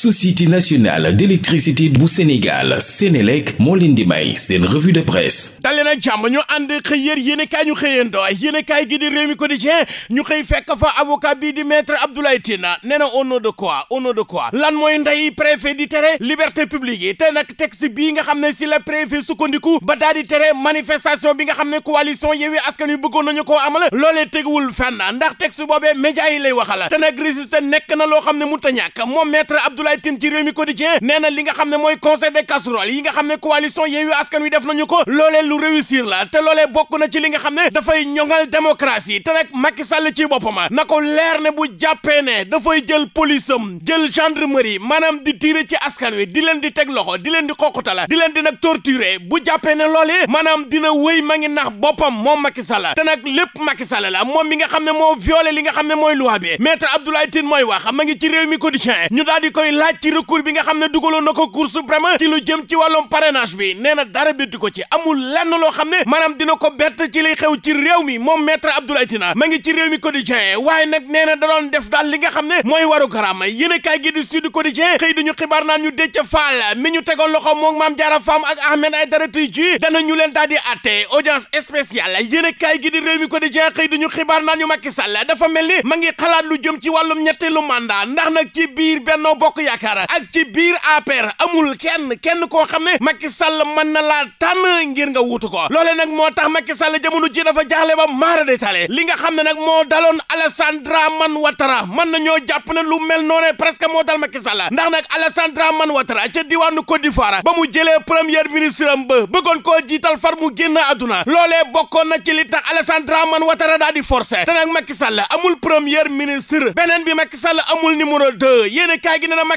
société nationale d'électricité bu Sénégal Sénélec moo leen di may seen revue de presse dalee nag jàmm ñu ànd xëy yér yéenekaay ñu xëyandoo yéenekaay gi di Rewmi Quotidien ñu xëy fekk fa avocat bii di maître Abdoulaye Tine na au nom de quoi au de quoi lan mooy ndey préfet di tere liberté publique yi te nag texte bii nga xam ne si la préfet sukkandiku ba daal di tere manifestation bi nga xam ne coalition Yewwi Askan Wi na loo xam ne mu ta ñàkk Abdoulaye Tim ci Rewmi li nga xam ne mooy concert des casseroles yi nga xam ne coalition Yewwi Askan Wi def nañu ko loolee lu réussir la te loolee bokk na ci li nga xam ne dafay ñoŋal démocratie te nag Macky Sall ci boppam na ko leer ne bu jàppee ne dafay jël police jël jël gendarmerie maanaam di tiire ci askan wi di leen di teg loxo di leen di xoqutala di leen di nag torturer bu jàppee ne loolee maanaam dina wéy ma ngi nax boppam moom Macky Sall te nag lépp Macky Sall la moom mi nga xam ne moo violé li nga xam ne mooy loi bi maître Abdoulaye Tine ngi ci réew mi quotidien ñu laaj ci recours bi nga xam ne dugaloon na ko cour suprême ci lu jëm ci wàllum parrainage bi nee na dara bettu ko ci amul lenn loo xam ne maanaam dina ko bett ci liy xew ci réew mi moom maître Abdoulaye Tina ma ngi ci réew mi quotidien waaye nag nee na da def daal li nga xam ne mooy waru garaam yéen a kaay gi di sud quotidien xëy duñu xibaar naan ñu Déthié Fall mi ñu tegoon loxo moom Mame Diarra Fam ak Ahmed Aïdara Tidiane dana ñu leen daal di atte audience spéciale a kaay gi di réew mi quotidien xëy duñu xibaar naan ñu Macky Sall dafa mel ni ma ngi xalaat lu jëm ci wàllum ñetteelu mandat ndax nag ci biir Benno Bokk yaakaar ak ci biir APR amul kenn kenn koo xam ne Macky Sall mën na laa tànn ngir nga wutu ko loole nag moo tax Macky Sall jamono ji dafa jaaxle ba maara de tale li nga xam ne nag moo daloon Alassane Dramane Ouattara mën na ñoo jàpp ne lu mel noone presque moo dal Macky Sall ndax nag Alassane Dramane Ouattara ca diwaanu Côte d'Ivoire ba mu jëlee premier ministre am ba bëggoon koo jiital far mu génn àdduna loolee bokkoon na ci tax Alassane Dramane Ouattara daal di forcé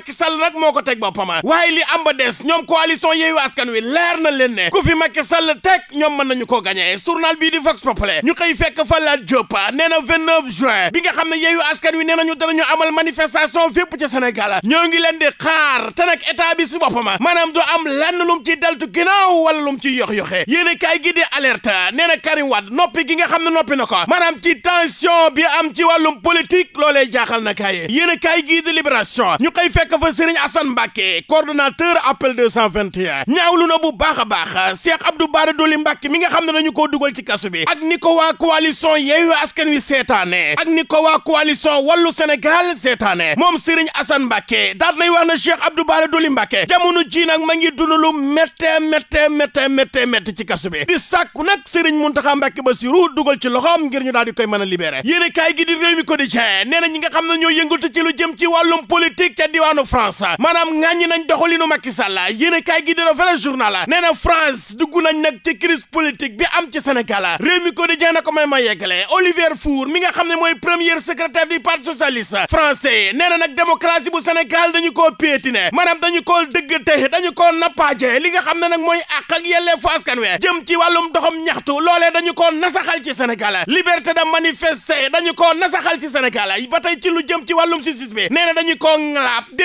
Macky Sall nag moo ko teg ma waaye li am ba des ñoom coalition Yewwi Askan Wi leer na leen ne ku fi Macky Sall teg ñoom mën nañu ko gagné journal bii di Vox Populi ñu xëy fekk fa Lat Diop nee na 29 juin bi nga xam ne Yewwi Askan Wi nee nañu danañu amal manifestation fépp ci Sénégal ñoo ngi leen di xaar te nag état bi si boppam maanaam du am lan lu mu ciy deltu ginnaaw wala lu mu ciy yox-yoxe yéen a kaay gi di alerte nee na Karim Wade noppi gi nga xam ne noppi na ko maanaam ci tension bi am ci wàllum politique loolee jaaxal na kaay yéen a kaay gii libération ñu xëy fekk fekk fa Serigne Assane Mbacke coordonnateur appel 221 ñaawlu na bu baax a baax Cheikh Abdou Bara Dolly Mbacke mi nga xam ne ñu koo dugal ci kasu bi ak ni ko waa coalition Yewwi Askan Wi seetaane ak ni ko waa coalition Wallu Sénégal seetaane moom Serigne Assane Mbacke daat nay wax na Cheikh Abdou Bara Dolly Mbacke jamono ji nag ma ngi dund lu méttee méttee méttee méttee méttee ci kasu bi di sàkku nag Serigne Mountakha Mbacke Bassirou dugal ci loxoom ngir ñu daal di koy mën a libéré yéen a kaay gi di ko di ñi nga xam ne ñoo yëngatu ci lu jëm ci wàllum politique ca diwaanu de France maanaam ŋàññi nañ doxalinu Macky Sall yéen a kaay gi dina vrai journal nee na France dugg nañ nag ci crise politique bi am ci Sénégal réew ko di jeex na ko may ma yeggale Olivier Faure mi nga xam ne mooy premier secrétaire du parti socialiste français nee na nag démocratie bu Sénégal dañu koo piétiné maanaam dañu koo dëgg tey dañu koo nappaaje li nga xam ne nag mooy àq ak yelleefu askan wi jëm ci wàllum doxam ñaxtu loolee dañu koo nasaxal ci Sénégal liberté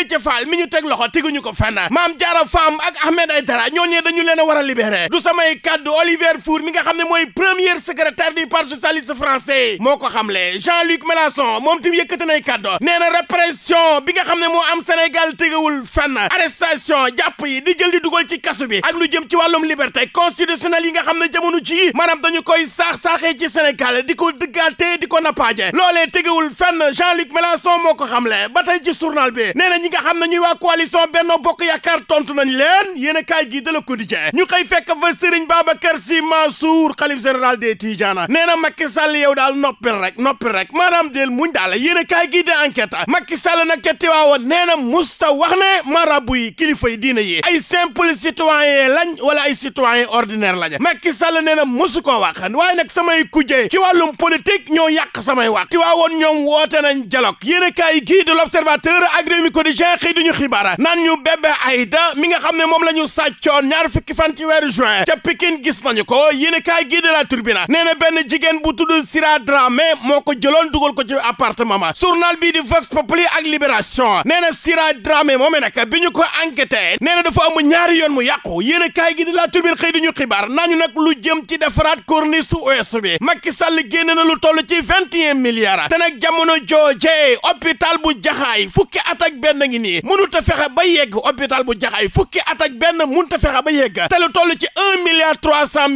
ca Fall mi ñu teg loxo teguñu ko fenn Mame Diarra Fam ak Ahmed Aïdara ñooñee dañu leen a war a libéré du samay kaddu Olivier Faure mi nga xam ne mooy premier secrétaire du parti socialiste français moo ko xamle Jean-Luc Mélenchon moom tamit yëkkati nay kaddu nee na répression bi nga xam ne moo am Sénégal tegewul fenn arrestation jàpp yi di jël di dugal ci kasu bi ak lu jëm ci wàllum liberté constitutionnelle yi nga xam ne jamono ji maanaam dañu koy saax-saaxee ci Sénégal di ko dëggaatee di ko nappaaje loolee tegewul fenn Jean-Luc Mélenchon moo ko xamle ba tey ci journal bi na ñi nga xam ne ñuy waa coalition Benno Bokk Yaakaar tontu nañ leen yéen a kaay gi de Le Quotidien ñu xëy fekk fa Serigne Babacar Sy Mansour xalif général des Tidjana nee na Macky Sall yow daal noppil rek noppil rek maanaam del muñ daal yéen a kaay gi de enquête Macky Sall nag ca Tiwaawoon nee na musta wax ne marabu yi kilifa yi diina yi ay simple citoyen lañ wala ay citoyen ordinaire lañ Macky Sall nee na musu ko wax waaye nag samay kujjee ci wàllum politique ñoo yàq samay wax Tiwaawoon ñoom woote nañ dialogue yéen a kaay gi de L'Observateur ak Rewmi quotidien xëy duñu xibaar naan ñu bébé Aïda mi nga xam ne moom la ñu sàccoon ñaar fukki fan ci weeru juin ca Pikine gis nañu ko yéen kaay gii de la Tribune nee benn jigéen bu tudd Sira Dramé moo ko jëloon dugal ko ci appartement ma journal bii di Vox Populi ak Libération nee na Sira moo moomee nag bi ñu ko enquêté nee na dafa am ñaari yoon mu yàqu yéen kaay gi de la Tribune xëy duñu xibaar nañu nag lu jëm ci defaraat corniche ouest bi Macky Sall génne na lu toll ci vingt et un milliards te jamono jooje hôpital bu Jaxaay fukki at benn a ngi nii mënut a fexe ba yegg hôpital bu jaxaay fukki at ak benn mënut a fexe ba yegg te lu ci milliard trois cent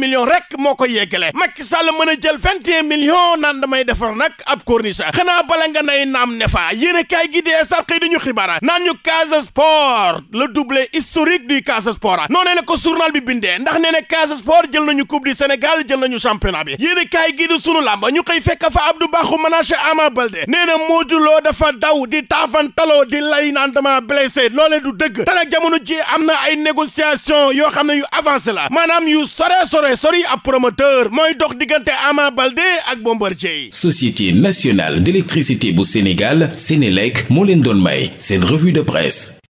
moo ko yeggale Macky Sall mën a jël vingt naan damay defar nag ab corniche xanaa bala nga nay naam ne fa yéen a kaay gi dee sar xëy dañu xibaar naan ñu Casa Sport le doublé historique du Casa Sport noonee la ko journal bi bindee ndax nee na Casa jël nañu coupe du Sénégal jël nañu championnat bi yéen a kaay gi di sunu làmb ñu koy fekk fa Abdou Bakhoum manager Ama grandement blessé loolee du dëgg tala nag jamono ji am na ay négociation yoo xam ne yu avancé la maanaam yu sore sore sori ab promoteur mooy dox diggante Ama Baldé ak Bombardier société nationale d'électricité bu Sénégal Sénélec moo leen doon may seen revue de presse